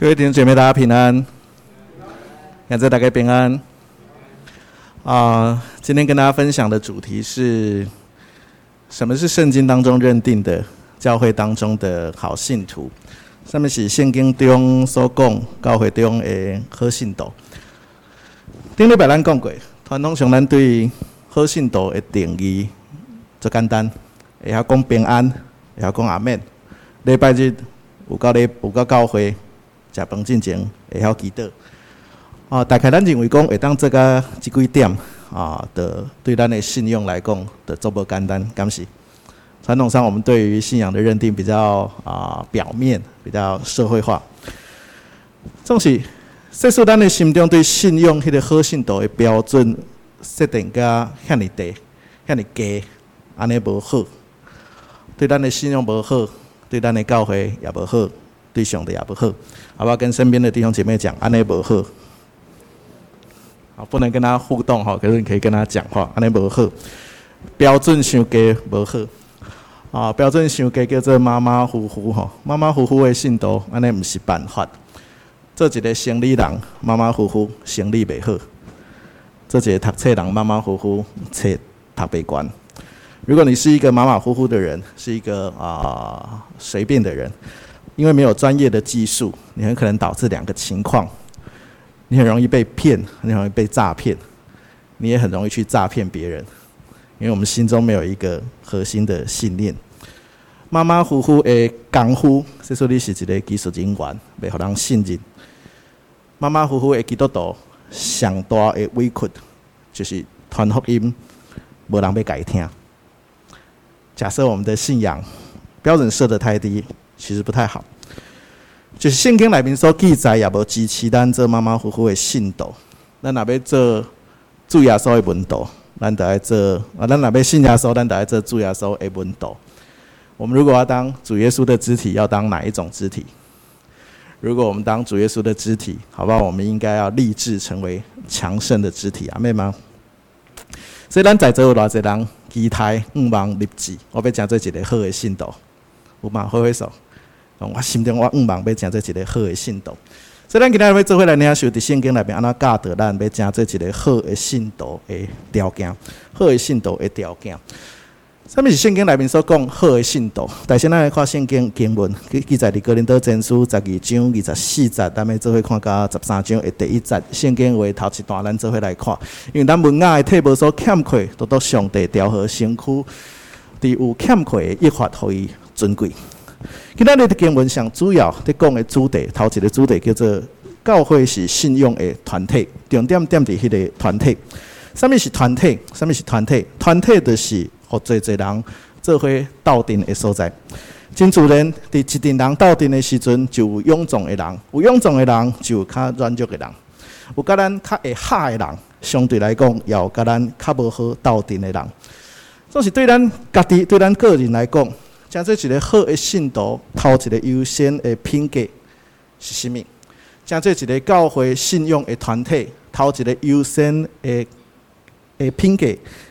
各位弟兄姐妹，大家平安。感謝大家平安。啊，今天跟大家分享的主題是：什麼是聖經當中認定的教會當中的好信徒？什麼是聖經中所講教會中的好信徒。頂禮拜咱講過，傳統上人對好信徒的定義，最簡單，一下講平安，一下講阿門。禮拜日有夠禮，有夠教會。食飯進前會曉記得，啊，大概咱認為講會當做個即幾點啊，對對咱的信用來講，就足不簡單。敢是傳統上，我們對於信仰的認定比較啊表面，比較社會化。總是說說咱的心中對信用迄個可信度的標準設定在的，噶遐爾低，遐爾低，安尼無好，對咱的信用無好，對咱的教會也無好。對兄弟也不好，好不好？跟身邊的弟兄姐妹講，安尼無好，好不能跟他互動吼，可是你可以跟他講話，安尼無好。標準傷低無好，啊，標準傷低叫做馬馬虎虎吼，馬馬虎虎的信徒，安尼毋是辦法。做一個生意人馬馬虎虎，生意袂好。做一個讀冊人馬馬虎虎，冊讀袂慣。如果你是一個馬馬虎虎的人，是一個啊，呃，隨便的人。因為沒有專業的技術，你很可能導致兩個情況：你很容易被騙，很容易被詐騙；你也很容易去詐騙別人。因為我們心中沒有一個核心的信念，馬馬虎虎的功夫，這是你是一類技術人英員被袂讓人信任。馬馬虎虎的基督徒，上大的委屈就是傳福音，無人被改聽。假設我們的信仰標準設得太低。其實不太好，就是聖經裡面所記載也無支持，但只馬馬虎虎的信徒。那那邊做主耶穌的門徒，難得在這啊！那那邊信耶穌，難得在這主耶穌的門徒。我們如果要當主耶穌的肢體，要當哪一種肢體？如果我們當主耶穌的肢體，好不好，我們應該要立志成為強盛的肢體啊，妹妹。所以，咱在座有偌濟人期待五萬立志，我要講做一個好的信徒，五萬揮揮手。我心中，我願望要成做一個好的信徒。所以咱今日要做伙來，你要受佇聖經內面按怎教導咱要成做一個好的信徒的條件，好的信徒的條件。啥物？是聖經內面所講好的信徒。但是咱來看聖經經文記載，哥林多前書十二章二十四節，咱要做伙看甲十三章的第一節。聖經有的頭一段，咱做伙來看，因為咱文雅誒肢體無所欠缺，得到上帝調和身軀，佇有欠缺的益發互伊尊貴。今日的經文上主要在講的主題，頭一個主題叫做“教會是信仰的團體”，重點點佇迄個團體。什麼是團體？什麼是團體？團體就是合作一人做伙斗陣的所在。基督徒在一群人鬥陣的時陣，就有勇壯的人，有勇壯的人就有較軟弱的人，有個咱較會嚇的人，相對來講，有個咱較無好鬥陣的,的人。總是對咱家己、對咱個人來講。將做一個好誒信徒，頭一個優先誒品格是甚物？將做一個教會信用誒團體，頭一個優先誒誒品格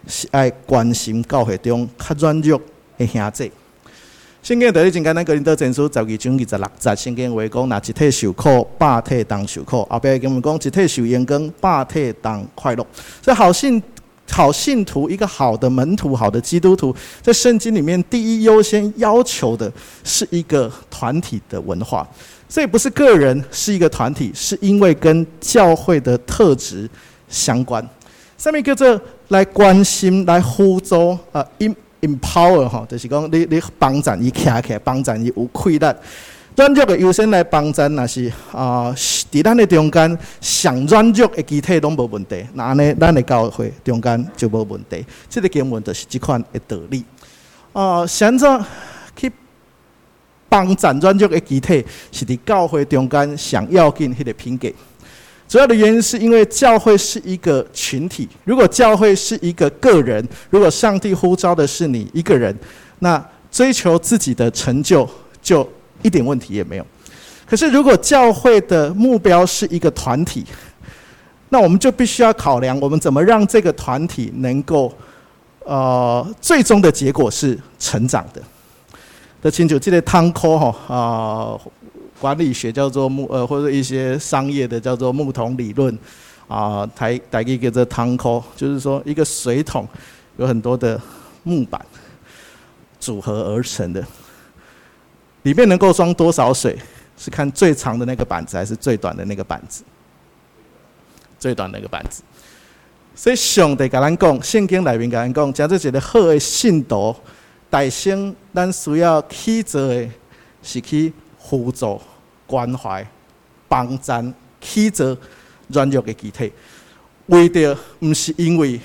是愛關心教會中較軟弱誒兄弟。聖經道理真簡單，哥林多前書十二章二十六節，聖經話講若一體受苦，百體當受苦；後壁跟我們講一體受榮光，百體當快樂。所以好信。好信徒，一個好的門徒，好的基督徒，在聖經裡面第一優先要求的是一個團體的文化，所以不是個人，是一個團體，是因為跟教會的特質相關。上面就這來關心、來輔助啊，、呃、，empower 哈、哦，就是講你你幫咱伊起來，幫咱伊有氣力。專注的優先來幫咱，那是啊、呃，是佇咱的中間想，專注的集體攏無問題。那安尼咱的教會中間就無問題。這個根本就是這款的道理。哦、呃，想做去幫咱專注的集體，是佇教會中間想要跟祂個平給。主要的原因是因為教會是一個群體。如果教會是一個個人，如果上帝呼召的是你一個人，那追求自己的成就就，一點問題也沒有。可是，如果教會的目標是一個團體，那我們就必須要考量，我們怎麼讓這個團體能夠，呃，最終的結果是成長的。得清楚，這個桶仔啊，管理學叫做木，呃，或者一些商業的叫做木桶理論啊，呃，台台一個這桶仔就是說一個水桶有很多的木板組合而成的。裡面能夠裝多少水，是看最長的那個板子，還是最短的那個板子？最短的那個板子。所以上帝跟咱講，聖經裡面跟咱講，講做一個好的信徒，大先咱需要起做的是去輔助、關懷、幫襯、起做軟弱的肢體，為的唔是因為。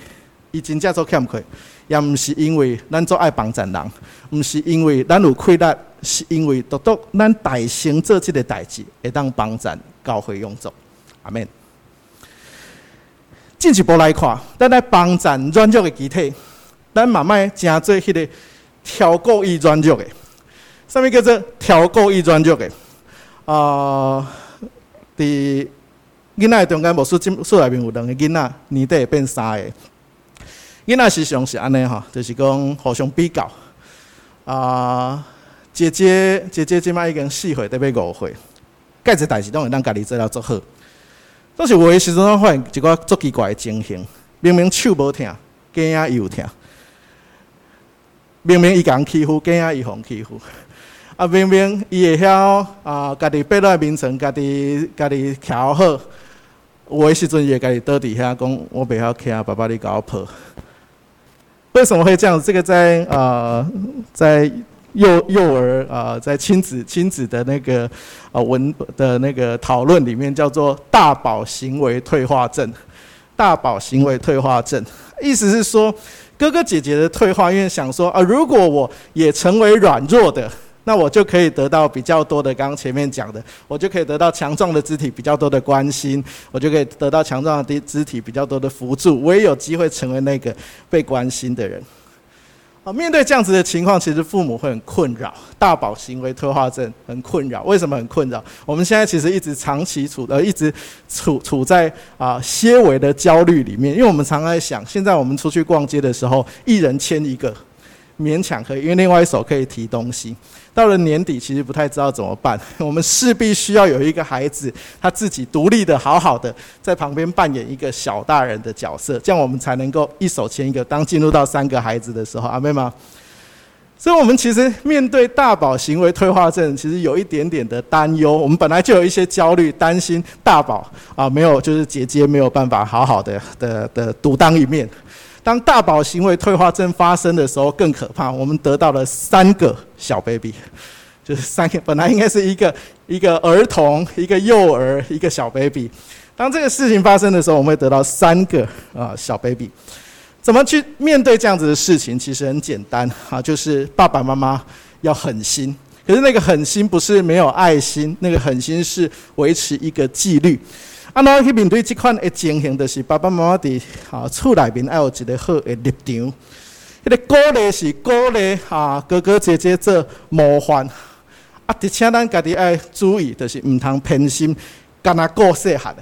伊真正做欠開，也毋是因為咱做愛幫人，毋是因為咱有氣力，是因為獨獨咱大成做即個代志會當幫咱教會運作。阿門。進一步來看，咱來幫咱軟弱個肢體，咱慢慢真做迄個超過伊軟弱個。啥物叫做超過伊軟弱個？呃，佇囡仔中間無臥真室內面有兩個囡仔，年底會變三個。因啊，時常是安尼吼，就是講互相比較。啊，姐姐姐姐，即擺已經四歲，特別五歲，介只代志，攏會當家己做了做好。當是有誒時陣，我發現一個足奇怪誒情形：明明手無疼，囡仔伊有疼；明明伊共欺負囡仔，伊予欺負；啊，明明伊會曉啊，家、呃、己爬落眠床，家己家己調好。有誒時陣，伊會家己倒佇遐講：我袂曉徛，爸爸你甲我抱。為什麼會這樣子？這個在啊、呃，在幼幼兒啊、呃，在親子親子的那個啊文、呃、的那個討論裡面，叫做大寶行為退化症。大寶行為退化症，意思是說哥哥姐姐的退化，因為想說啊、呃，如果我也成為軟弱的。那我就可以得到比較多的，剛剛前面講的，我就可以得到強壯的肢體比較多的關心，我就可以得到強壯的肢體比較多的扶助，我也有機會成為那個被關心的人。啊，面對這樣子的情況，其實父母會很困擾，大寶行為退化症很困擾，為什麼很困擾？我們現在其實一直長期處呃，一直處處在啊些微的焦慮裡面，因為我們常常在想，現在我們出去逛街的時候，一人牽一個。勉強可以，因為另外一手可以提東西。到了年底，其實不太知道怎麼辦。我們勢必需要有一個孩子，他自己獨立的好好的，在旁邊扮演一個小大人的角色，這樣我們才能夠一手牽一個。當進入到三個孩子的時候，阿、啊、妹嗎？所以，我們其實面對大寶行為退化症，其實有一點點的擔憂。我們本來就有一些焦慮，擔心大寶啊，沒有就是姐姐沒有辦法好好的的的獨當一面。當大寶行為退化症發生的時候，更可怕。我們得到了三個小 baby，就是三個本來應該是一個一個兒童、一個幼兒、一個小 baby。當這個事情發生的時候，我們會得到三個啊小 baby。怎麼去面對這樣子的事情？其實很簡單啊，就是爸爸媽媽要狠心。可是那個狠心不是沒有愛心，那個狠心是維持一個紀律。安、啊、那去面對即款的情形，就是爸爸媽媽佇啊厝內面愛有一個好嘅立場。迄、那個鼓勵是鼓勵啊，哥哥姐姐做模範。啊，而且咱家己愛注意，就是毋通偏心，干焦顧細漢。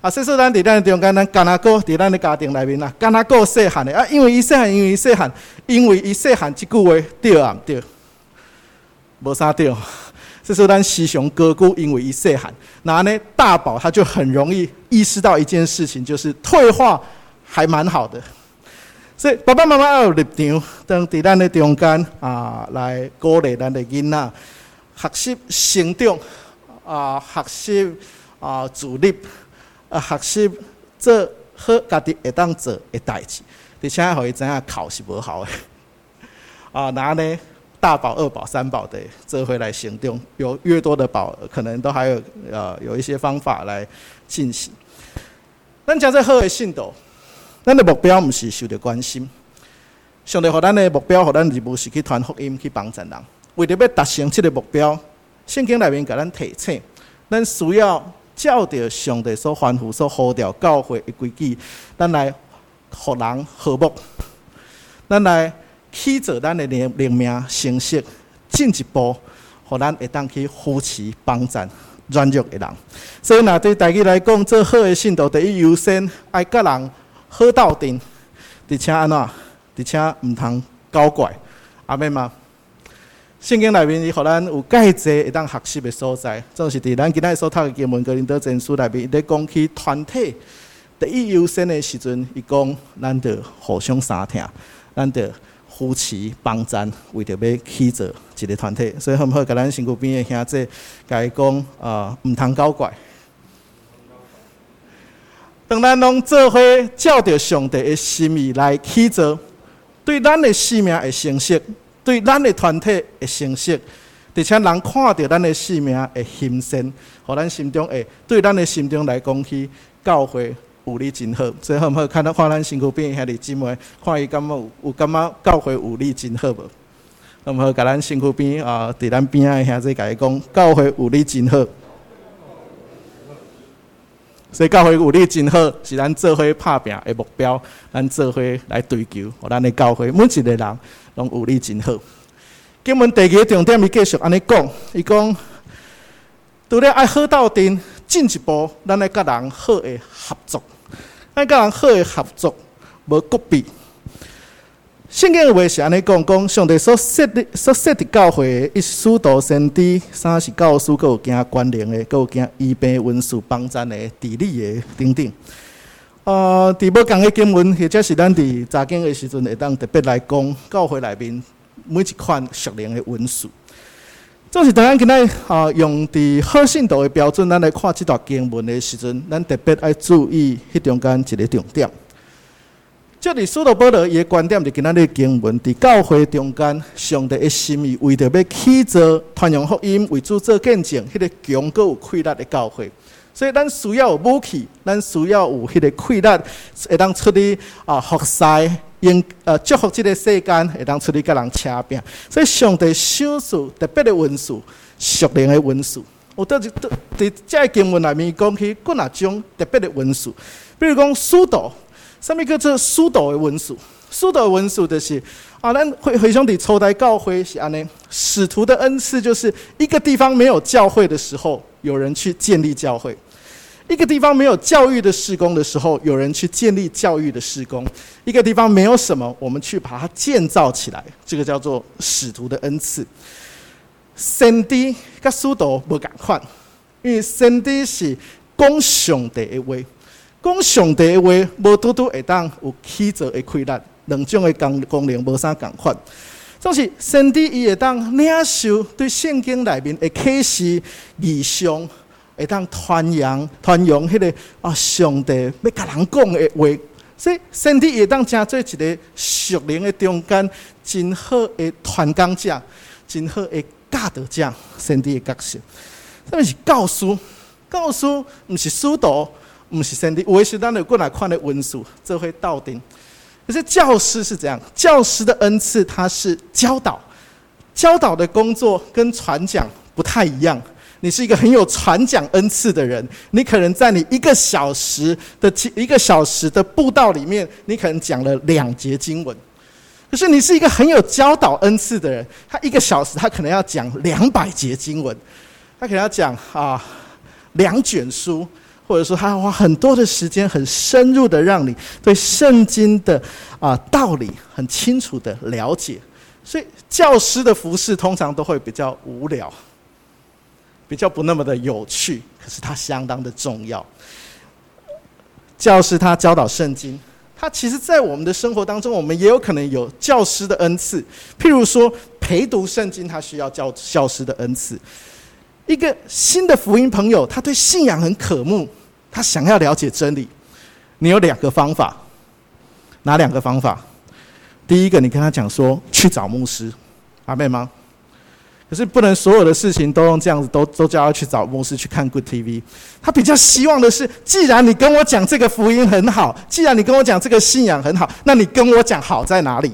啊，所以說咱佇咱中間，咱干焦顧佇咱嘅家庭內面啊，干焦顧細漢嘅。啊，因為伊細漢，因為伊細漢，因為伊細漢，即句話對毋對，對？無啥對。這是咱當西雄哥哥，因為伊細漢，然後呢，大寶他就很容易意識到一件事情，就是退化還蠻好的。所以爸爸媽媽要有立場，當佇咱的中間啊、呃，來鼓勵咱的囡仔學習成長啊，學習啊，努力啊，學習、呃呃、做好家己會當做的代誌，而且互伊知影哭是無效的啊，然後、呃、呢？大寶、二寶、三寶的，這回來行動，有越多的寶，可能都還有呃，有一些方法來進行。咱講在好的信徒，咱的目標毋是受着關心，上帝互咱的目標，互咱任務是去傳福音，去幫人。為了要達成這個目標，聖經裡面給咱提醒，咱需要照着上帝所吩咐所呼召教會的規矩，咱來互人和睦，咱來。去做咱的靈靈名形式，進一步，互咱會當去扶持幫贊軟弱的人。所以嗱，對家己來講，做好嘅信徒第一優先愛甲人好鬥陣，而且安怎，而且毋通搞怪。阿妹嘛，聖、啊、經內面，伊互咱有介濟會當學習嘅所在，正是佇咱今仔日所讀嘅經文佮哥林多前書內面，伊講去團體第一優先嘅時陣，伊講，咱就互相相聽，咱就。扶持、幫站，為着要起造一個團體，所以很好。甲咱身軀邊的兄弟，甲伊講啊，毋通搞怪。當咱攏做伙照着上帝的心意來起造，對咱的性命的成色，對咱的團體的成色，而且人看到咱的性命的欣盛，互咱心中會，對咱的心中來講起教會。有汝真好，最好毋好看到看咱身軀邊兄弟姊妹，看伊敢有有感覺教有、啊，教會有汝真好無？毋好甲咱身軀邊啊，佇咱邊仔啊兄弟仔甲伊講，教會有汝真好。所以教會有汝真好是咱做伙拍拼的目標，咱做伙來追求。互咱的教會每一個人攏有汝真好。今物第二個重點，伊繼續安尼講，伊講，拄着愛好鬥陣，進一步咱來甲人好的合作。每甲人好的合作，無骨性格聖經話是安尼講，講上帝所設立、所設立教會的，一、是使徒先知，三是教師，閣有行關聯的閣有行醫病文書、幫贊的治理的等等。呃，佇部講的經文，或者是咱佇查經的時陣，會當特別來講，教會內面每一款屬靈的文書。就是當然，今仔啊，用佇好信徒的標準，咱來看即段經文的時陣，咱特別愛注意迄中間一個重點。這裡蘇羅波羅伊的觀點，就今仔的經文佇教會中間，上帝的心意為着要起造、傳揚福音為主做見證，迄、那個強夠有氣力的教會。所以咱，咱需要有武器，咱需要有迄個氣力，會當出去啊，服侍。因，呃，祝福這個世間會當出理甲人請病，所以上帝修數特別的溫室，屬靈的溫室。我到底這在經文裡面講起閣哪種特別的溫室？比如講疏導，什麼叫做疏導的溫室？疏導的溫室就是啊，咱回回兄弟初代教會是安尼，使徒的恩賜就是一個地方沒有教會的時候，有人去建立教會。一個地方沒有教育的事工的時候，有人去建立教育的事工。一個地方沒有什麼，我們去把它建造起來。這個叫做使徒的恩賜。先知跟使徒無共款，因為先知是供上帝話，供上帝話無多多會當有氣質的困難，兩種的功功能無啥共款。總是先知伊會當領受對聖經裡面的啟示異象。會當傳揚、傳揚迄個啊、哦，上帝要甲人講的話，所以上帝會當成做一個屬靈的中間，真好誒，傳講者，真好誒，教導者，上帝角色。特別是教師、教師，毋是教導，毋是上帝。有有時咱你過來看咧文書，就會到頂。可是教師是怎樣，教師的恩賜，他是教導，教導的工作跟傳講不太一樣。你是一個很有傳講恩賜的人，你可能在你一個小時的經一個小時的佈道裡面，你可能講了兩節經文。可是你是一個很有教導恩賜的人，他一個小時他可能要講兩百節經文，他可能要講啊兩卷書，或者說他要花很多的時間，很深入的讓你對聖經的啊道理很清楚的了解。所以教師的服事通常都會比較無聊。比較不那麼的有趣，可是它相當的重要。教師他教導聖經，他其實，在我們的生活當中，我們也有可能有教師的恩賜。譬如說，陪讀聖經，他需要教教師的恩賜。一個新的福音朋友，他對信仰很渴慕，他想要了解真理。你有兩個方法，哪兩個方法？第一個，你跟他講說，去找牧師，阿妹嗎？可是不能所有的事情都用這樣子，都都叫他去找牧師，去看 Good TV。他比較希望的是，既然你跟我講這個福音很好，既然你跟我講這個信仰很好，那你跟我講好在哪裡？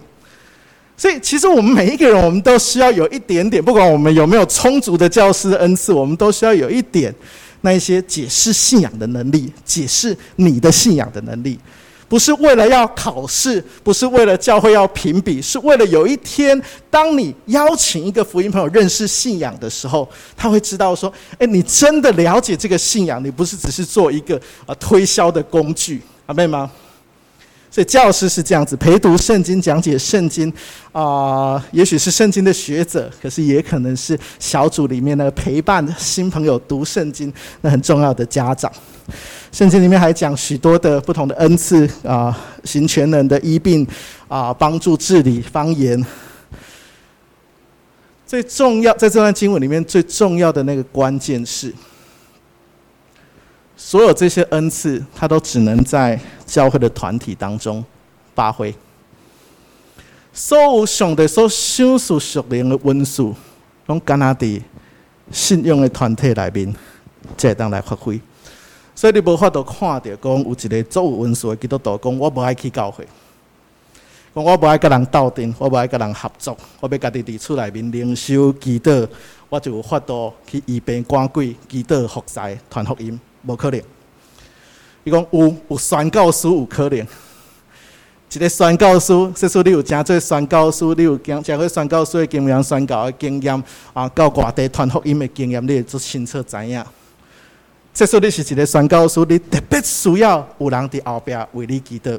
所以，其實我們每一個人，我們都需要有一點點，不管我們有沒有充足的教師恩賜，我們都需要有一點那一些解釋信仰的能力，解釋你的信仰的能力。不是為了要考試，不是為了教會要評比，是為了有一天，當你邀請一個福音朋友認識信仰的時候，他會知道說：“哎，你真的了解這個信仰？你不是只是做一個啊、呃、推銷的工具，明白嗎？”所以教師是這樣子陪讀聖經、講解聖經，啊、呃，也許是聖經的學者，可是也可能是小組裡面那個陪伴新朋友讀聖經那很重要的家長。聖經裡面還講許多的不同的恩賜啊、呃，行全能的醫病啊，幫助、呃、治理方言。最重要，在這段經文裡面最重要的那個關鍵是。所有這些恩賜，他都只能在教會的團體當中發揮。所受選的受選屬靈的恩賜，攏敢若佇信用的團體內面，才當來發揮。所以你無法度看到，講有一個做恩賜的基督徒講，我無愛去教會，講我無愛佮人鬥陣，我無愛佮人合作，我要己在家己佇厝內面領受基督，我就有法度去醫病趕鬼基督復賽傳福音。無可能。伊講有，有宣教師有可能。一個宣教師，即說你有誠濟宣教師，你有經誠濟宣教師的經驗、宣教的經驗啊，到外地傳福音的經驗，你會做清楚知影。即說你是一個宣教師，你特別需要有人佇後壁為你祈禱。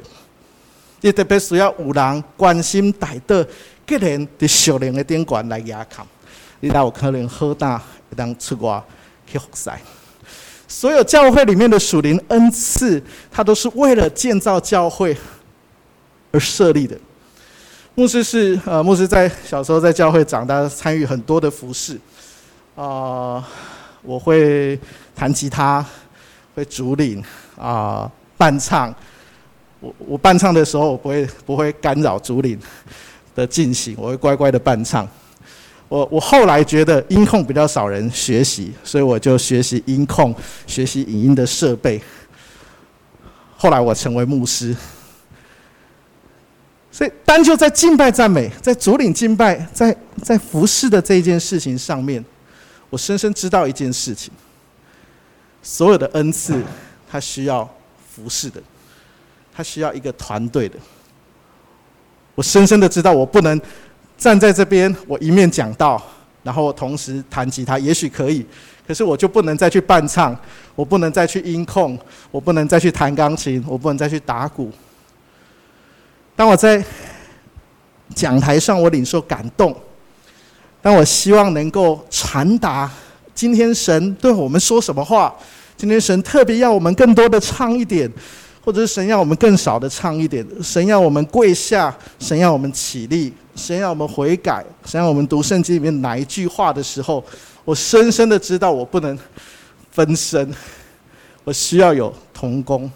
你特別需要有人關心代禱，個人佇屬靈的頂懸來壓扛，你才有可能好膽會當出外去服侍。所有教會裡面的屬靈恩賜，它都是為了建造教會而設立的。牧師是呃，牧師在小時候在教會長大，參與很多的服事，啊、呃。我會彈吉他，會主領啊，伴唱。我我伴唱的時候，我不會不會干擾主領的進行，我會乖乖的伴唱。我我後來覺得音控比較少人學習，所以我就學習音控，學習影音的設備。後來我成為牧師，所以單就在敬拜讚美，在主領敬拜，在在服侍的這件事情上面，我深深知道一件事情：所有的恩賜，它需要服侍的，它需要一個團隊的。我深深的知道，我不能。站在這邊，我一面講道，然後同時彈吉他，也許可以。可是我就不能再去伴唱，我不能再去音控，我不能再去彈鋼琴，我不能再去打鼓。當我在講台上，我領受感動；當我希望能夠傳達今天神對我們說什麼話，今天神特別要我們更多的唱一點，或者是神要我們更少的唱一點。神要我們跪下，神要我們起立。先讓我們悔改，想讓我們讀聖經裡面哪一句話的時候，我深深的知道我不能分身，我需要有同工。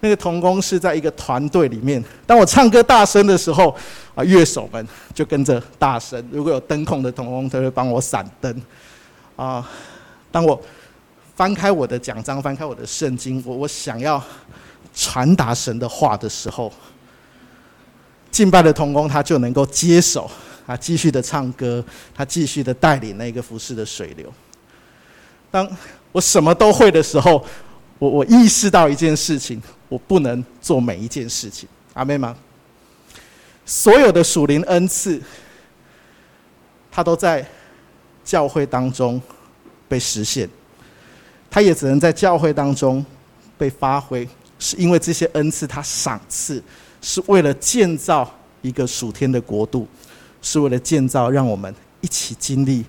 那個同工是在一個團隊裡面。當我唱歌大聲的時候，啊、呃，樂手們就跟着大聲。如果有燈控的同工，他會幫我閃燈。啊、呃，當我翻開我的講章，翻開我的聖經，我我想要傳達神的話的時候。敬拜的同工，他就能夠接手啊，他繼續的唱歌，他繼續的帶領那個服侍的水流。當我什麼都會的時候，我我意識到一件事情：我不能做每一件事情。阿妹們，所有的屬靈恩賜，他都在教會當中被實現，他也只能在教會當中被發揮，是因為這些恩賜他賞賜是為了建造一個屬天的國度，是為了建造讓我們一起經歷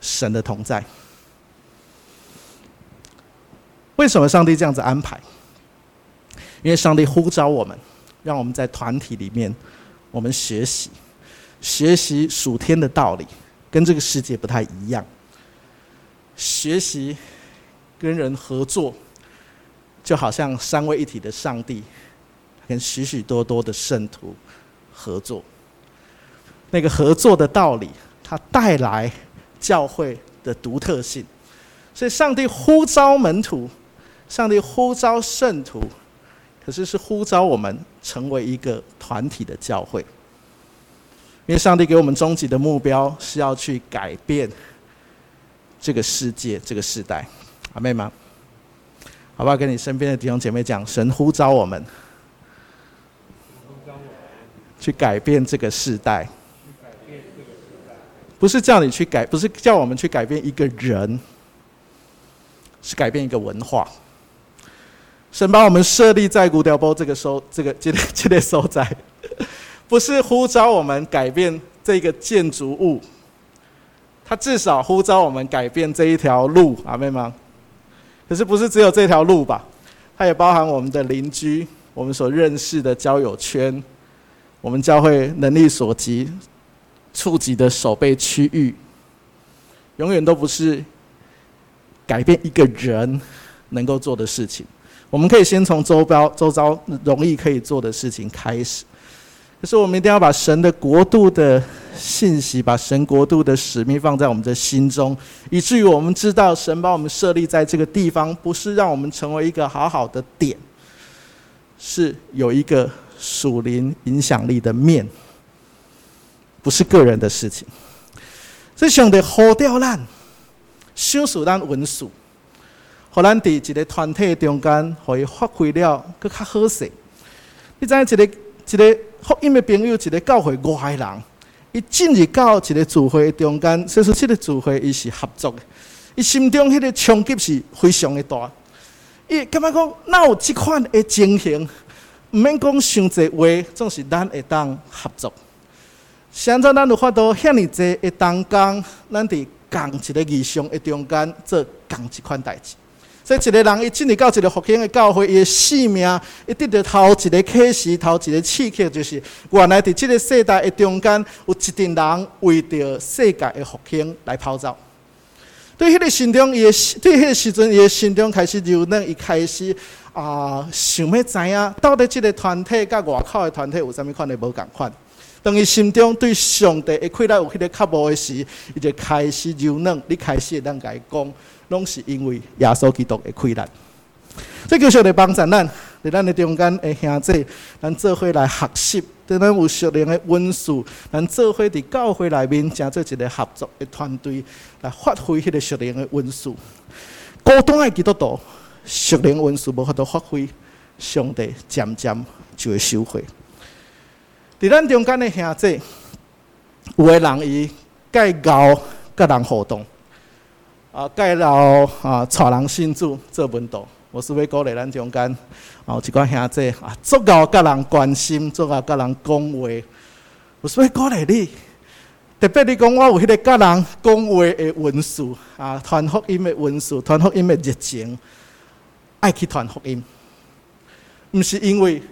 神的同在。為什麼上帝這樣子安排？因為上帝呼召我們，讓我們在團體裡面，我們學習學習屬天的道理，跟這個世界不太一樣。學習跟人合作，就好像三位一體的上帝。許許多多的聖徒合作，那個合作的道理，它帶來教會的獨特性。所以上帝呼召門徒，上帝呼召聖徒，可是是呼召我們成為一個團體的教會。因為上帝給我們終極的目標是要去改變這個世界、這個時代。阿妹嗎？好不好？跟你身邊的弟兄姐妹講，神呼召我們。去改變這個時代，不是叫你去改，不是叫我們去改變一個人，是改變一個文化。神把我們設立在牛潮埔、這個這個這個、這個所、這個這、這、這所，在，不是呼召我們改變這個建築物，它至少呼召我們改變這一條路，阿妹嗎？可是不是只有這條路吧？它也包含我們的鄰居，我們所認識的交友圈。我們教會能力所及、觸及的守備區域，永遠都不是改變一個人能夠做的事情。我們可以先從周標、周遭容易可以做的事情開始。可是，我們一定要把神的國度的信息，把神國度的使命放在我們的心中，以至於我們知道，神把我們設立在這個地方，不是讓我們成為一個好好的點，是有一個。屬靈影響力的面，不是個人的事情。在想的火掉咱聖屬當文書，可咱佇一個團體的中間，可伊發揮了閣較好勢。你知影一個一個福音的朋友，一個教會外人，伊進入到一個聚會中間，所以說即個聚會伊是合作的，伊心中迄個衝擊是非常的大。伊感覺講哪有即款的情形？毋免講，傷濟話，總是咱會當合作。相在咱有法度，遐爾濟會當講，咱佇同一個意向的中間做同一款代志。所以一個人伊今日到一個復興的教會，伊的性命一直得偷一個啟示，偷一個刺激，就是原來佇即個世代的中間有一群人為着世界的復興來跑走。對迄個心中伊也，對迄個時陣伊也，心中開始柔軟，伊開始啊、呃，想要知影到底即個團體甲外口的團體有啥物款的無共款？當伊心中對上帝的虧難有迄個較無的時，伊就開始柔軟，你開始咱甲伊講，攏是因為耶穌基督的虧難。這叫是在幫咱，佇咱的中間的兄弟，咱做伙來學習，對咱有熟練的溫素，咱做伙佇教會內面，成做一個合作的團隊，來發揮迄個熟練的溫素。孤單的基督徒，熟練溫素無法度發揮，上帝漸漸就會收回。佇咱中間的兄弟，有的人伊介教甲人互動，啊介教啊娶人協主做門徒。我是要鼓勵咱中間、喔，有一寡兄弟啊，足夠及人關心，足夠及人講話。我是要鼓勵你，特別你講我有迄個及人講話的文素啊，傳福音的文素，傳福音的熱情，愛去傳福音。毋是因為，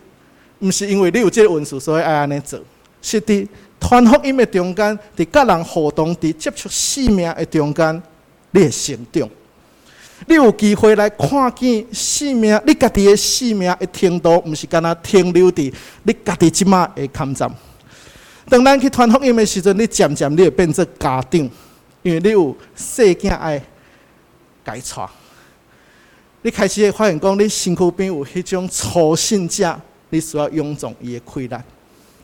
毋是因為你有即個文素，所以愛安尼做。是佇傳福音的中間，佇及人互動、佇接觸生命的中間，你心中。你有機會來看見生命，你家己嘅生命一聽到，唔是敢若停留的，你家己即馬會坎站。當咱去傳福音嘅時陣，你漸漸你會變作家長，因為你有細囡仔愛解錯。你開始會發現，講你身軀邊有迄種粗心者，你需要臃腫伊嘅氣力。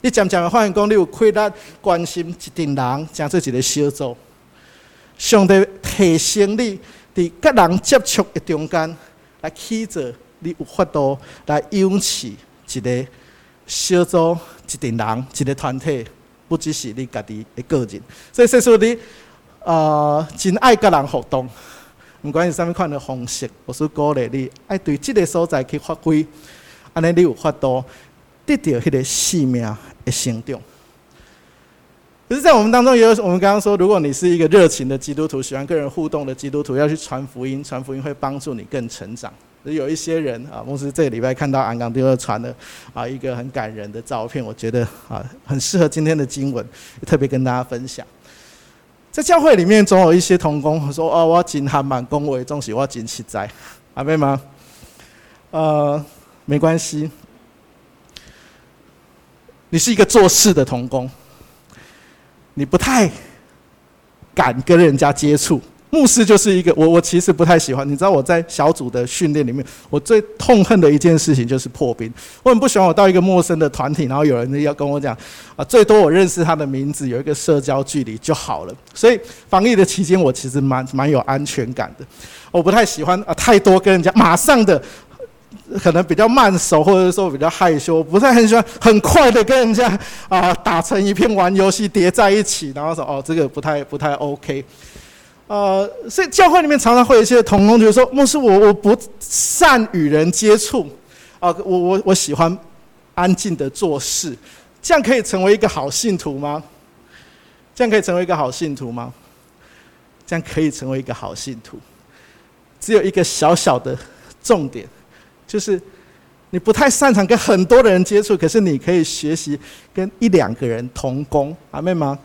你漸漸會發現，講你有氣力，關心一陣人，將做一個小組，上帝提醒你。佇佮人接觸的中間來起着，你有法度來擁起一個小組、一群人、一個團體，不只是你家己的個人。所以，所以說你，你呃真愛佮人互動，毋管是啥物款的方式，我是鼓勵你要對這個所在去發揮，安尼你有法度得到迄個生命的成長。可是，在我們當中也有，我們剛剛說，如果你是一個熱情的基督徒，喜歡跟人互動的基督徒，要去傳福音，傳福音會幫助你更成長。有一些人啊，牧師這個禮拜看到安剛弟兄傳的啊一個很感人的照片，我覺得啊很適合今天的經文，特別跟大家分享。在教會裡面，總有一些同工說：“哦，我盡他滿工為重喜，我盡起。」齋。”啊，妹媽，呃，沒關係，你是一個做事的同工。你不太敢跟人家接觸，牧師就是一個我，我其實不太喜歡。你知道我在小組的訓練裡面，我最痛恨的一件事情就是破冰。我很不喜歡我到一個陌生的團體，然後有人要跟我講，啊，最多我認識他的名字，有一個社交距離就好了。所以防疫的期間，我其實蠻蠻有安全感的。我不太喜歡啊，太多跟人家馬上的。可能比較慢熟，或者說比較害羞，不太很喜歡很快的跟人家啊、呃、打成一片玩遊戲疊在一起，然後說哦，這個不太不太 OK，呃，所以教會裡面常常會有一些同工，就是說牧師，我我不善與人接觸，啊、呃，我我我喜歡安靜的做事，這樣可以成為一個好信徒嗎？這樣可以成為一個好信徒嗎？這樣可以成為一個好信徒？只有一個小小的重點。就是，你不太擅長跟很多的人接觸，可是你可以學習跟一兩個人同工，好妹嗎？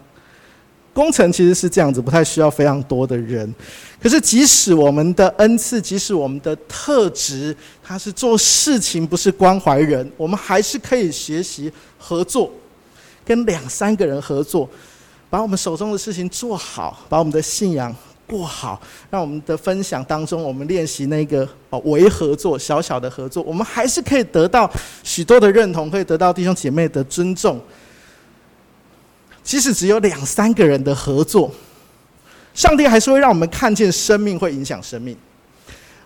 工程其實是這樣子，不太需要非常多的人，可是即使我們的恩賜，即使我們的特質，它是做事情不是關懷人，我們還是可以學習合作，跟兩三個人合作，把我們手中的事情做好，把我們的信仰。不好，讓我們的分享當中，我們練習那個哦，微合作，小小的合作，我們還是可以得到許多的認同，可以得到弟兄姐妹的尊重。即使只有兩三個人的合作，上帝還是會讓我們看見生命會影響生命。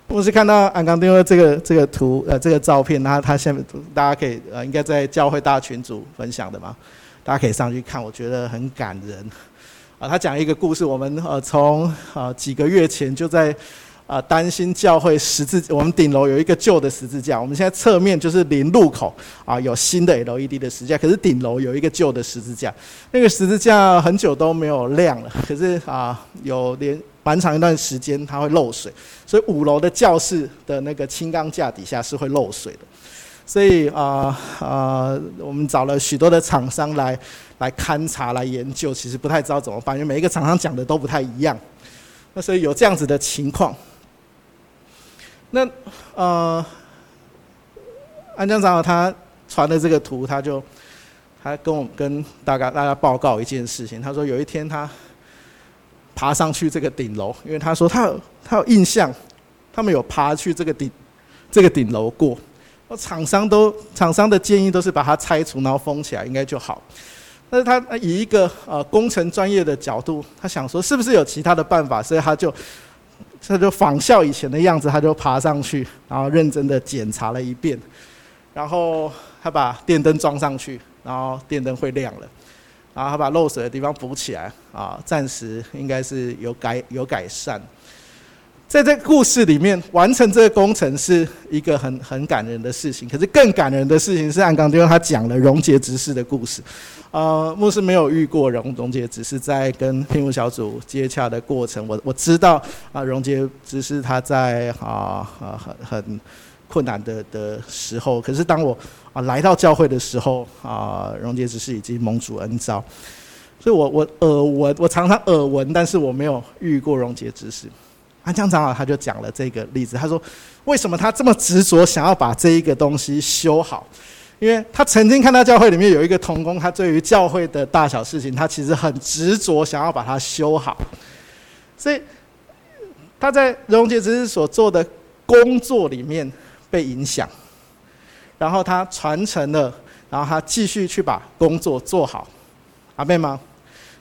我是看到安剛丁的這個這個圖呃這個照片，然後他他下面大家可以呃應該在教會大群組分享的嘛，大家可以上去看，我覺得很感人。啊，他講一個故事。我們呃，從啊幾個月前就在啊擔心教會十字，我們頂樓有一個舊的十字架，我們現在側面就是臨路口啊，有新的 LED 的十字架，可是頂樓有一個舊的十字架，那個十字架很久都沒有亮了，可是啊有連蠻長一段時間它會漏水，所以五樓的教室的那個輕鋼架底下是會漏水的。所以啊啊、呃呃，我們找了許多的廠商來來勘察、來研究，其實不太知道怎麼辦，反正每一個廠商講的都不太一樣。那所以有這樣子的情況。那呃，安江長老他傳的這個圖，他就他跟我們跟大家大家報告一件事情，他說有一天他爬上去這個頂樓，因為他說他他有印象，他沒有爬去這個頂這個頂樓過。我廠商都廠商的建議都是把它拆除，然後封起來，應該就好。但是他以一個呃工程專業的角度，他想說是不是有其他的辦法，所以他就他就仿效以前的樣子，他就爬上去，然後認真的檢查了一遍，然後他把電燈裝上去，然後電燈會亮了，然後他把漏水的地方補起來，啊，暫時應該是有改有改善。在這個故事裡面，完成這個工程是一個很很感人的事情。可是更感人的事情是，安剛，就用他講了榮傑執事的故事。呃，牧師沒有遇過榮傑，執事在跟聘務小組接洽的過程，我我知道啊，榮、呃、傑執事他在啊、呃、很很困難的的時候。可是當我啊、呃、來到教會的時候啊，榮、呃、傑執事已經蒙主恩召，所以我我耳聞，我常常耳聞，但是我沒有遇過榮傑執事阿江長老他就講了這個例子，他說：“為什麼他這麼執着想要把這一個東西修好？因為他曾經看到教會裡面有一個同工，他對於教會的大小事情，他其實很執着想要把它修好。所以他在榮傑之所做的工作裡面被影響，然後他傳承了，然後他繼續去把工作做好。阿妹嗎？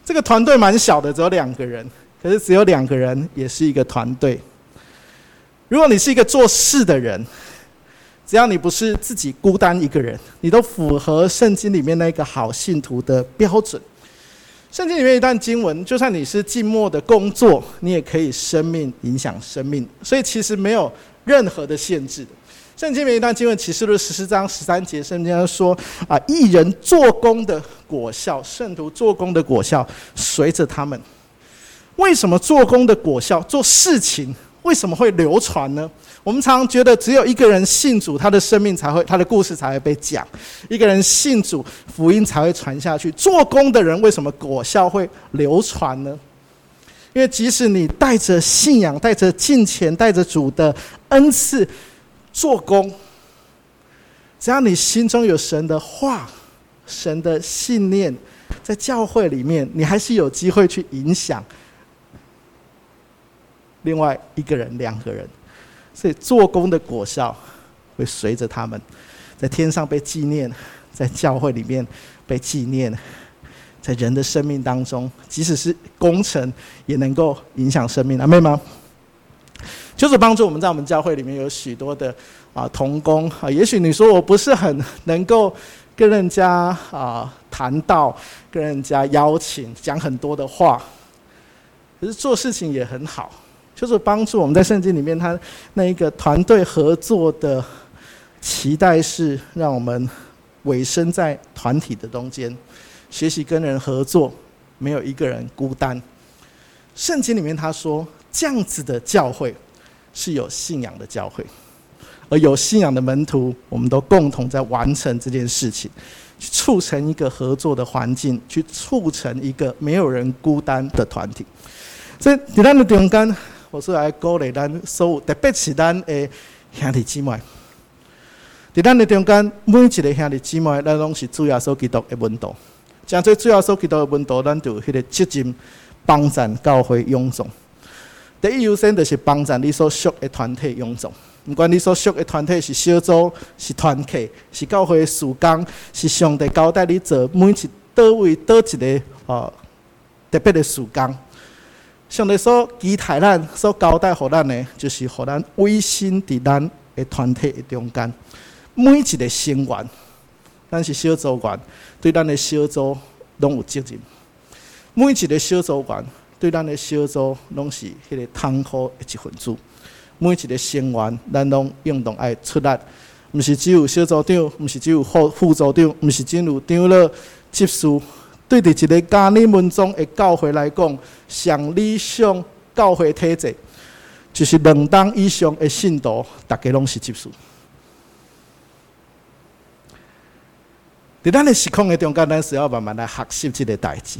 這個團隊蠻小的，只有兩個人。”可是只有兩個人，也是一個團隊。如果你是一個做事的人，只要你不是自己孤單一個人，你都符合聖經裡面那個好信徒的標準。聖經裡面一段經文，就算你是靜默的工作，你也可以生命影響生命，所以其實沒有任何的限制。聖經裡面一段經文，啟示錄十四章十三節，聖經說啊，一人做工的果效，聖徒做工的果效，隨着他們。為什麼做工的果效，做事情為什麼會流傳呢？我們常常覺得只有一個人信主，他的生命才會、他的故事才會被講；一個人信主，福音才會傳下去。做工的人為什麼果效會流傳呢？因為即使你帶着信仰、帶着金錢、帶着主的恩賜做工，只要你心中有神的話、神的信念，在教會裡面，你還是有機會去影響。另外一個人，兩個人，所以做工的果效會隨着他們，在天上被紀念，在教會裡面被紀念，在人的生命當中，即使是工程也能夠影響生命，阿們嗎？就是幫助我們在我們教會裡面有許多的啊同工啊。也許你說我不是很能夠跟人家啊談到，跟人家邀請講很多的話，可是做事情也很好。就是幫助我們在聖經裡面，他那一個團隊合作的期待是讓我們委身在團體的中間，學習跟人合作，沒有一個人孤單。聖經裡面他說，這樣子的教會是有信仰的教會，而有信仰的門徒，我們都共同在完成這件事情，去促成一個合作的環境，去促成一個沒有人孤單的團體。所以，簡單的點干。好，是愛鼓勵咱所有，特別是咱誒兄弟姊妹。佇咱誒中間，每一個兄弟姊妹，咱攏是主要所基督誒引導。誠做主要所基督誒引導，咱就迄個責任幫咱教會、勇壯。第一優先就是幫助你所屬誒團體勇壯。毋管你所屬誒團體是小組、是團體、是教會事工，是上帝交代你做每一次，叨位、叨一個哦、呃，特別誒事工。上帝說，交代咱，所交代予咱的就是予咱維繫佇咱的團體的中間。每一個成員，咱是小組員，對咱的小組攏有責任。每一個小組員對咱的小組攏是迄個同夥的一份子。每一個成員，咱攏應當愛出來。毋是只有小組長，毋是只有副副組長，毋是只有長老執事。對，佇一個家庭中的教會來講，上理想教會體制就是兩當以上的信徒，大家都是接受。在咱的時空的中間，咱是要慢慢來學習這個代誌。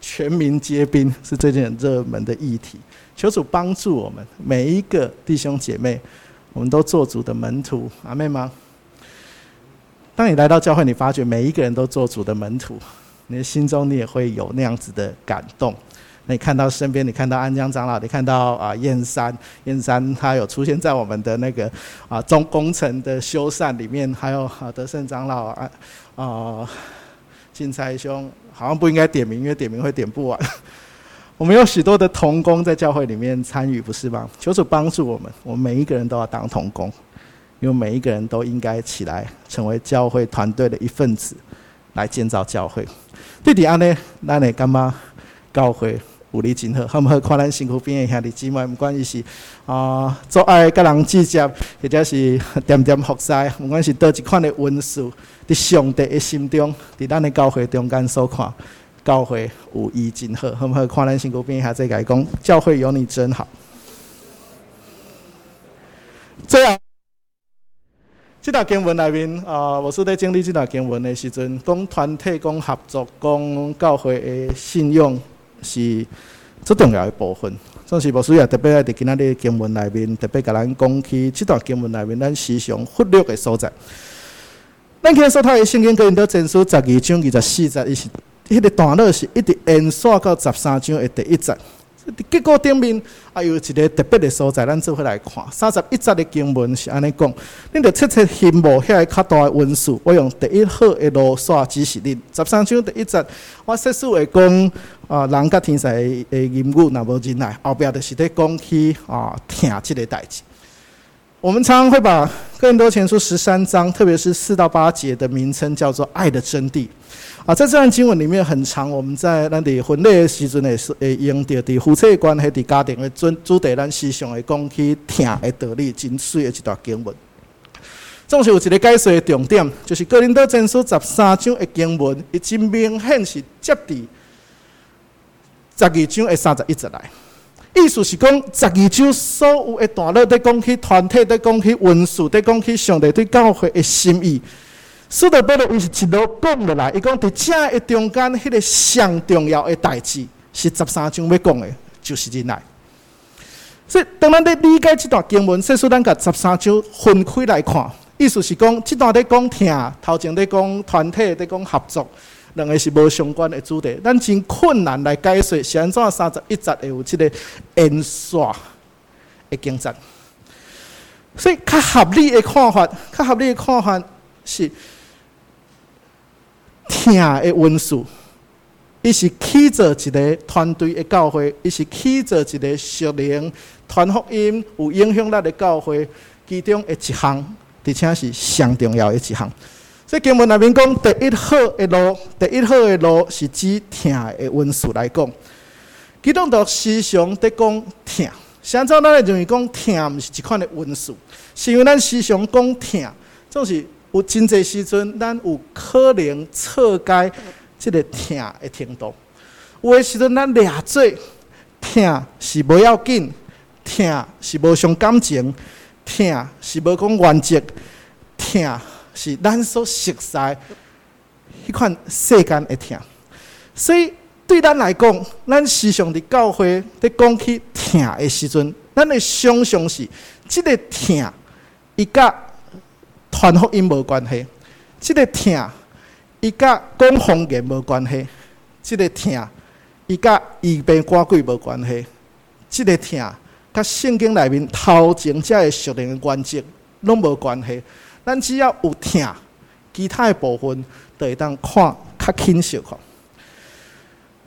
全民皆兵是最近很熱門的議題，求主幫助我們每一個弟兄姐妹，我們都做主的門徒。阿妹媽，當你來到教會，你發覺每一個人都做主的門徒。你心中你也會有那樣子的感動。那你看到身邊，你看到安江長老，你看到啊燕山，燕山他有出現在我們的那個啊中工程的修繕裡面，還有啊德勝長老啊啊金財兄，好像不應該點名，因為點名會點不完。我們有許多的同工在教會裡面參與，不是嗎？求主幫助我們，我們每一個人都要當同工，因為每一個人都應該起來成為教會團隊的一份子。來建造教會，對佇安尼，咱會感覺教會有汝真好。好毋好看咱身軀邊的兄弟姊妹，唔管伊是啊、呃、做愛甲人計接或者是點點服侍，毋管是佗一款的文書，佇上帝的心中，佇咱的教會中間所看，教會有汝真好。好毋好看咱身軀邊的一下再改講，教會有你真好。這樣。這段經文裡面，啊、呃，牧師在整理這段經文的時陣，講團體、講合作、講教會的信仰是最重要的一部分。所以，牧師也特別在今天的經文裡面，特別甲咱講起這段經文裡面，咱時常忽略的所在。咱可以說他的，他的聖經以的前書十二章二十四節，伊是迄個段落是一直延續到十三章的第一節。結果頂面，啊，有一個特別的所在，咱做伙來看。三十一節的經文是安尼講，恁著切切心無遐個較大的恩賜，我用第一好的路線指示恁十三章第一節，我細數會講，啊、呃，人甲天神的因果若無仁愛，後壁就是在講去啊、呃，聽即個代志。我們常常會把《哥林多前書》十三章，特別是四到八節的名稱叫做“愛的真諦”，啊，在這段經文裡面很常。我們在咱佇婚禮的時陣，會會用到，佇夫妻關係、佇家庭的主的，主題咱時常會講去聽的道理，真水的一段經文。總是有一個解說的重點，就是《哥林多前書》十三章的經文，已經明顯是接佇十二章的三十一節來。意思是講，十二章所有的段落在講起團體，在講起文書，在講起上帝對教會的心意。書的背了，伊是一路講落來。伊講佇正的中間，迄個上重要的代志是十三章要講的，就是人來。所以，當我佇理解這段經文，說說咱甲十三章分開來看，意思是講，這段佇講疼，頭前佇講團體，佇講合作。兩個是無相關的主題，咱從困難來解說是安怎三十一節會有即個印刷的競爭，所以較合理的看法，較合理的看法是，聽的運數，伊是起造一個團隊的教會，伊是起造一個熟靈團福音有影響力的教會，其中的一項，而且是上重要的一項。這個經文裡面講，第一好的路，第一好的路是指痛的溫數來講。基督教思想在講痛，先做咱容易講痛，不是一款的溫數，是因為咱思想講痛，總是有真儕時陣，咱有可能錯解這個痛的程度。有的時陣咱倆做痛是無要緊，痛是無傷感情，痛是無講原則，痛。是咱所熟悉，迄款世間會疼，所以對咱來講，咱時常佇教會佇講起疼的時陣，咱會常常是，即、這個疼，這個疼這個、疼伊甲傳福音無關係，即、這個疼，伊甲講方言無關係，即個疼，伊甲醫病趕鬼無關係，即個疼，甲聖經內面頭前才會熟練的原則攏無關係。咱只要有疼，其他的部分就，會當看較輕小看。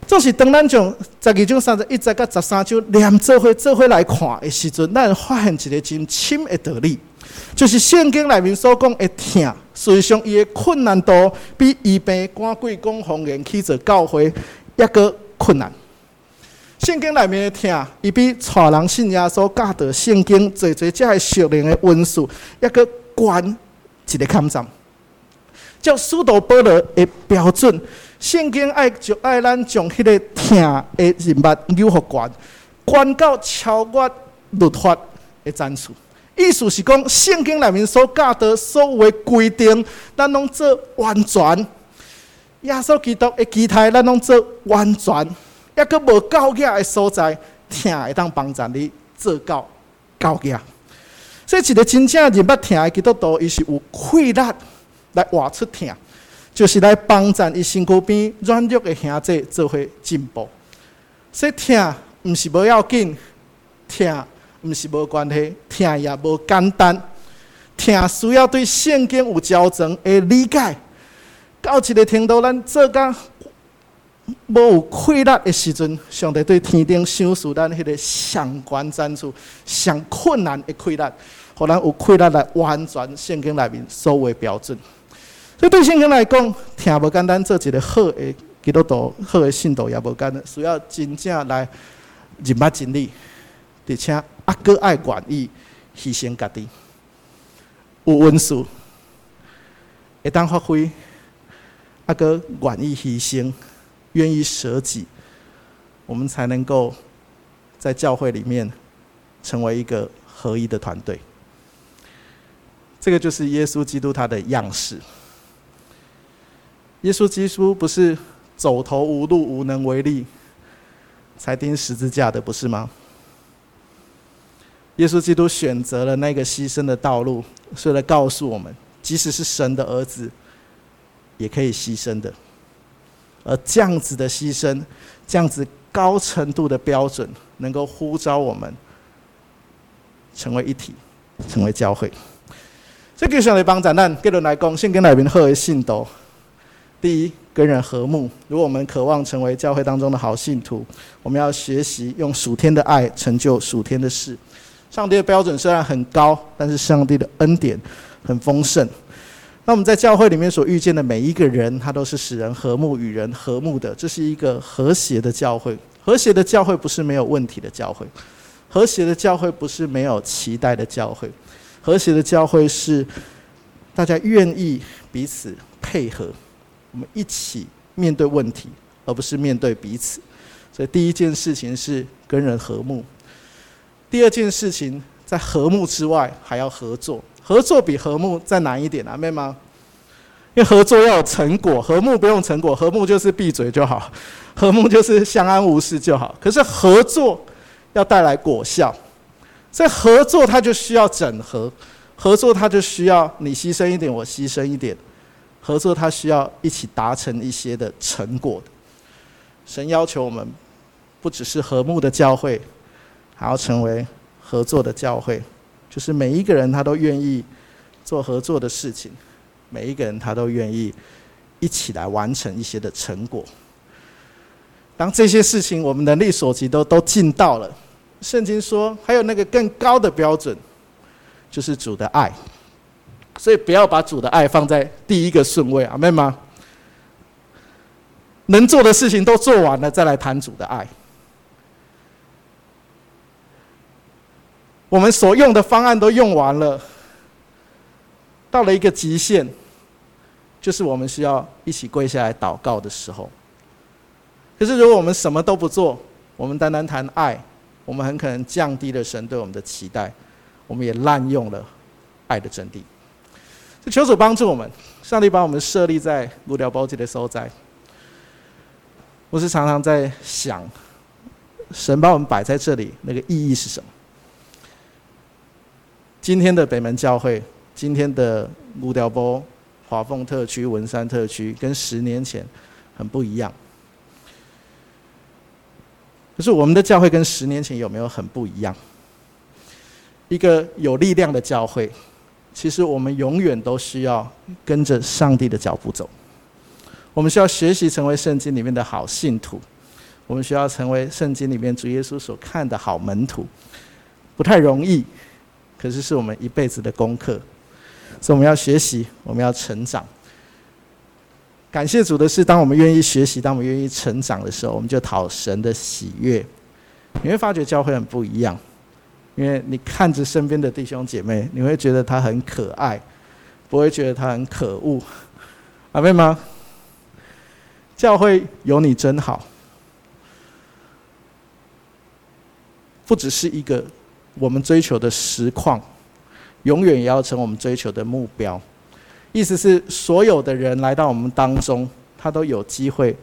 就是當咱從十二周三十一再甲十三周連做伙做伙來看的時陣，咱發現一個真深的道理，就是聖經內面所講的疼，隨上伊的困難度，比一般趕鬼講方言去做教會，也佫困難。聖經內面的疼，伊比初人信仰所教導聖經，做儕只係熟稔嘅文字，也佫懸。一個抗戰照使徒保羅的標準，聖經愛就愛咱將迄個疼誒人物扭曲懸懸到超越律法誒層次。意思是講，聖經內面，所教導所有誒規定，咱攏做完全。耶穌基督誒期待咱攏做完全，猶閣，無夠額誒所在，疼會當幫助你做到夠額。說一個真正認捌疼的，基督徒，伊是有氣力來活出疼，就是來幫助伊身軀邊軟弱的兄弟做伙進步。說疼，毋是無要緊，疼，毋是無關係，疼也無簡單，疼需要對聖經有較真誒理解。到一個程度，咱做到。無有氣力的時陣，上帝對天頂先賜咱迄個上懸贊助，上困難的困難，互咱有氣力來完全聖經內面所有標準。所以對聖經來講，聽無簡單，咱做一個好個基督徒，好個信徒也無簡單，需要真正來認捌真理，而且猶閣愛願意犧牲家己，有恩賜會當發揮，猶閣願意犧牲。願意舍己，我們才能夠在教會裡面成為一個合一的團隊。這個就是耶穌基督他的樣式。耶穌基督不是走投無路、無能為力才釘十字架的，不是嗎？耶穌基督選擇了那個犧牲的道路，所以來告訴我們，即使是神的兒子也可以犧牲的。而這樣子的犧牲，這樣子高程度的標準，能夠呼召我們成為一體，成為教會。這就像一幫災難，給人來攻，先跟來賓好的信徒。第一，跟人和睦。如果我們渴望成為教會當中的好信徒，我們要學習用屬天的愛成就屬天的事。上帝的標準雖然很高，但是上帝的恩典很豐盛。那我們在教會裡面所遇見的每一個人，他都是使人和睦、與人和睦的，這是一個和諧的教會。和諧的教會不是沒有問題的教會，和諧的教會不是沒有期待的教會，和諧的教會是大家願意彼此配合，我們一起面對問題，而不是面對彼此。所以第一件事情是跟人和睦，第二件事情在和睦之外還要合作。合作比和睦再難一點啊，明白嗎？因為合作要有成果，和睦不用成果，和睦就是閉嘴就好，和睦就是相安無事就好。可是合作要帶來果效，所以合作它就需要整合，合作它就需要你犧牲一點，我犧牲一點，合作它需要一起達成一些的成果。神要求我們不只是和睦的教會，還要成為合作的教會。就是每一個人他都願意做合作的事情，每一個人他都願意一起來完成一些的成果。當這些事情我們能力所及都都盡到了，聖經說還有那個更高的標準，就是主的愛。所以不要把主的愛放在第一個順位，啊，明白嗎？能做的事情都做完了，再來談主的愛。我們所用的方案都用完了，到了一個極限，就是我們需要一起跪下來禱告的時候。可是，如果我們什麼都不做，我們單單談愛，我們很可能降低了神對我們的期待，我們也濫用了愛的真諦。求主幫助我們，上帝把我們設立在路料包機的時候，在，我是常常在想，神把我們擺在這裡，那個意義是什麼？今天的北門教會，今天的牛潮埔、華鳳特區、文山特區，跟十年前很不一樣。可是我們的教會跟十年前有沒有很不一樣？一個有力量的教會，其實我們永遠都需要跟着上帝的腳步走。我們需要學習成為聖經裡面的好信徒，我們需要成為聖經裡面主耶穌所看的好門徒，不太容易。可是，是我們一輩子的功課，所以我們要學習，我們要成長。感謝主的是，當我們願意學習，當我們願意成長的時候，我們就討神的喜悅。你會發覺教會很不一樣，因為你看着身邊的弟兄姐妹，你會覺得他很可愛，不會覺得他很可惡。阿們嗎？教會有你真好，不只是一個。我們追求的實況，永遠也要成我們追求的目標。意思是，所有的人來到我們當中，他都有機會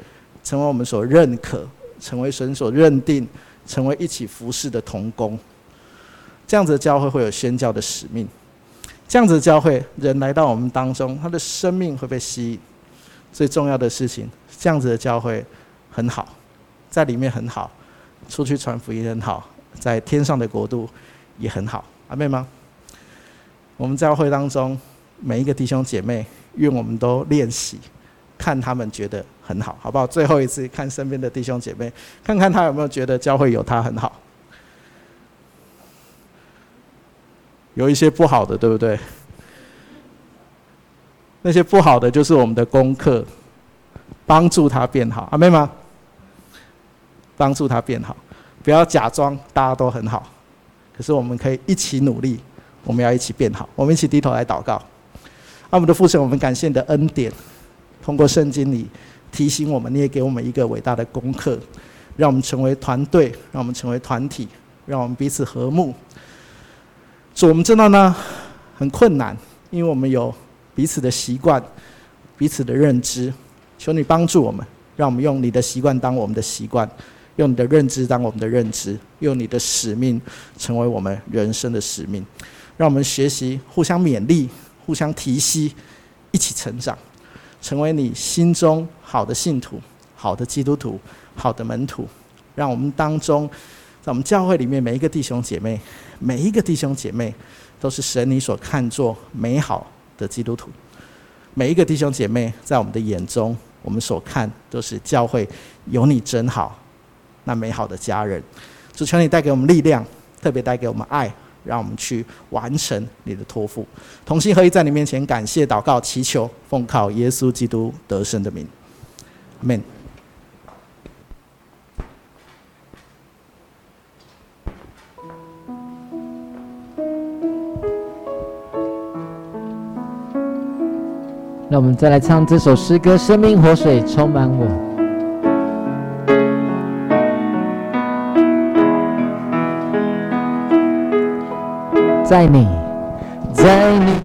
成為我們所認可、成為神所認定、成為一起服侍的同工。這樣子的教會會有宣教的使命。這樣子的教會，人來到我們當中，他的生命會被吸引。最重要的事情，這樣子的教會很好，在裡面很好，出去傳福音很好。在天上的國度也很好，阿們嗎？我們教會當中每一個弟兄姐妹，願我們都練習看他們覺得很好，好不好？最後一次看身邊的弟兄姐妹，看看他有沒有覺得教會有他很好。有一些不好的，對不對？那些不好的就是我們的功課，幫助他變好，阿們嗎？幫助他變好。不要假裝大家都很好，可是我們可以一起努力，我們要一起變好，我們一起低頭來禱告。啊，我們的父神，我們感謝你的恩典，通過聖經裡提醒我們，你也給我們一個偉大的功課，讓我們成為團隊，讓我們成為團體，讓我們彼此和睦。主，我們知道呢，很困難，因為我們有彼此的習慣，彼此的認知。求你幫助我們，讓我們用你的習慣當我們的習慣。用你的認知當我們的認知，用你的使命成為我們人生的使命，讓我們學習互相勉勵，互相提攜，一起成長，成為你心中好的信徒、好的基督徒、好的門徒。讓我們當中，在我們教會裡面，每一個弟兄姐妹，每一個弟兄姐妹都是神你所看作美好的基督徒。每一個弟兄姐妹在我們的眼中，我們所看都是教會有你真好。那美好的家人，主，求你帶給我們力量，特別帶給我們愛，讓我們去完成你的托付。同心合意在你面前感謝禱告祈求，奉靠耶穌基督得勝的名，Amen。那我們再來唱這首詩歌《生命活水充滿我》。在你，在你。